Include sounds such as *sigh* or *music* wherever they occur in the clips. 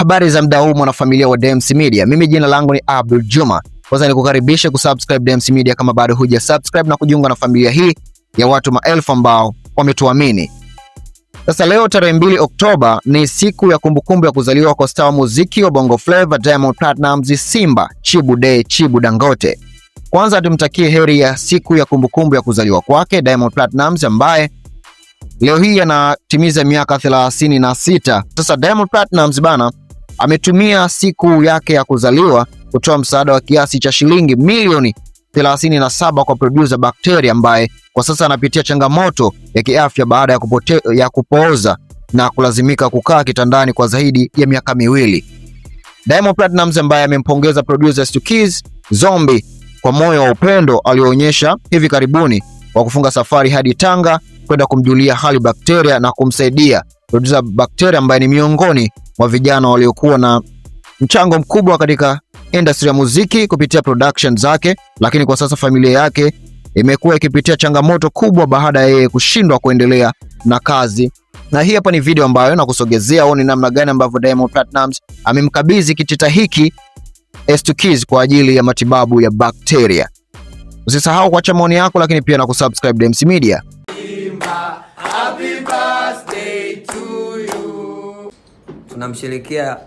Habari za mda huu mwanafamilia wa Dems Media, mimi jina langu ni Abdul Juma. Kwanza nikukaribisha kusubscribe Dems Media kama bado huja subscribe na kujiunga na familia hii ya watu maelfu ambao wametuamini. Sasa leo tarehe 2 Oktoba ni siku ya kumbukumbu ya kuzaliwa kwa star wa muziki wa Bongo Flava Diamond Platnumz Simba Chibu Day Chibu Dangote. Kwanza tumtakie heri ya siku ya kumbukumbu ya kuzaliwa kwake Diamond Platnumz ambaye leo hii anatimiza miaka 36. Sasa Diamond Platnumz bana ametumia siku yake ya kuzaliwa kutoa msaada wa kiasi cha shilingi milioni 37 kwa producer bacteria ambaye kwa sasa anapitia changamoto ya kiafya baada ya, kupote, ya kupooza na kulazimika kukaa kitandani kwa zaidi ya miaka miwili. Diamond Platnumz ambaye amempongeza producer Stukiz Zombi kwa moyo wa upendo alioonyesha hivi karibuni wa kufunga safari hadi Tanga kwenda kumjulia hali Bakteria na kumsaidia. Producer Bakteria ambaye ni miongoni wa vijana waliokuwa na mchango mkubwa katika industry ya muziki kupitia production zake, lakini kwa sasa familia yake imekuwa ikipitia changamoto kubwa baada ya yeye kushindwa kuendelea na kazi. Na hii hapa ni video ambayo nakusogezea uone namna gani ambavyo Diamond Platnumz amemkabidhi kitita hiki S2 kwa ajili ya matibabu ya bakteria. Usisahau kuacha maoni yako, lakini pia na kusubscribe Dems Media. tunamsherekea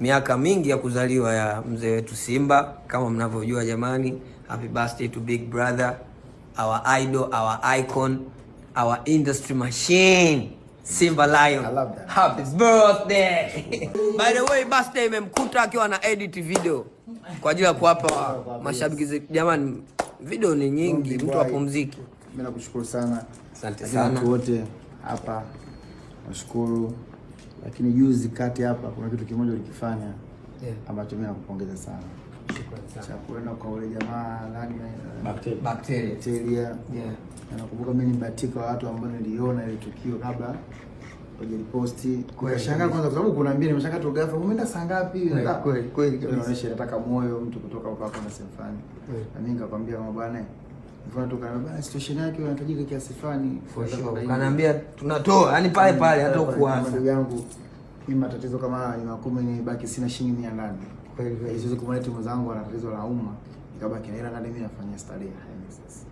miaka mingi ya kuzaliwa ya mzee wetu Simba kama mnavyojua jamani. Happy birthday to big brother, our idol, our icon, our industry machine Simba Lion. I love that. Happy birthday. *laughs* By the way, birthday imemkuta akiwa na edit video kwa ajili ya kuwapa mashabiki jamani. Video ni nyingi, mtu apumzike. Mimi nakushukuru sana. Asante sana wote hapa. Nashukuru lakini juzi kati hapa kuna kitu kimoja ulikifanya yeah, ambacho mimi nakupongeza sana cha kwenda kwa ule jamaa nani, eh, bakteria. Nakumbuka mimi ni mbatika wa watu ambao niliona ile tukio kabla hujaliposti. Kashangaa kwanza, kwa sababu kuna mbili nimeshangaa tu ghafla, umeenda saa ngapi? Kweli kweli, inaonyesha nataka moyo mtu kutoka hapo hapo na sehemu fulani, na mimi nikakwambia kama bwana Situation yake unahitajika kiasi fulani, kanaambia tunatoa, yani pale mm, pale, hata ukuanza. yangu, mimi matatizo kama haya ni makumi, ni baki sina shilingi mia nane. Yaani siwezi kumleta mwenzangu ana tatizo la umma nikabaki na hela nane, mimi nafanyia starehe.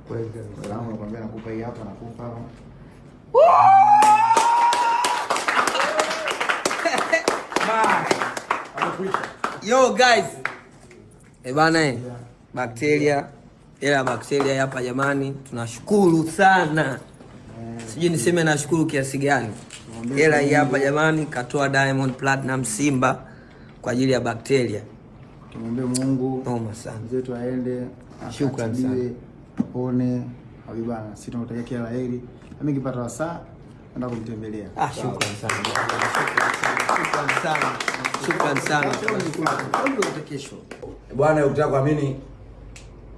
Kweli kweli, nakwambia, nakupa hii hapa, nakupa *laughs* Yo guys, ebana, eh, eh. bakteria hela ya bakteria hapa jamani, tunashukuru sana, sijui niseme nashukuru kiasi gani. Hela hii hapa jamani, katoa Diamond Platinum Simba kwa ajili ya bakteria. Tumwombe Mungu noma sana mzetu aende, shukrani sana, apone habibana. Sisi tunakutakia kila la heri, nami kipata wasaa enda kumtembelea. Ah, shukrani sana, shukrani sana, shukrani sana bwana, ukitaka kuamini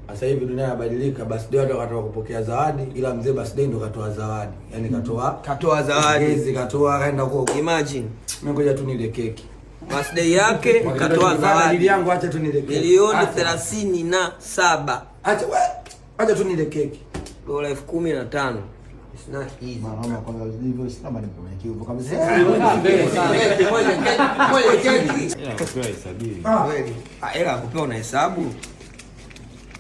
sasa hivi dunia inabadilika, birthday watu wakatoa kupokea zawadi, ila mzee birthday ndo katoa zawadi. Yaani katoa katoa zawadi. Hizi katoa kaenda kwa imagine. Mimi ngoja tu nile keki. Birthday yake katoa zawadi. yangu acha tu nile keki. Milioni thelathini na saba. Acha we. Acha tu nile keki. Dola elfu kumi na tano. Hela kupewa unahesabu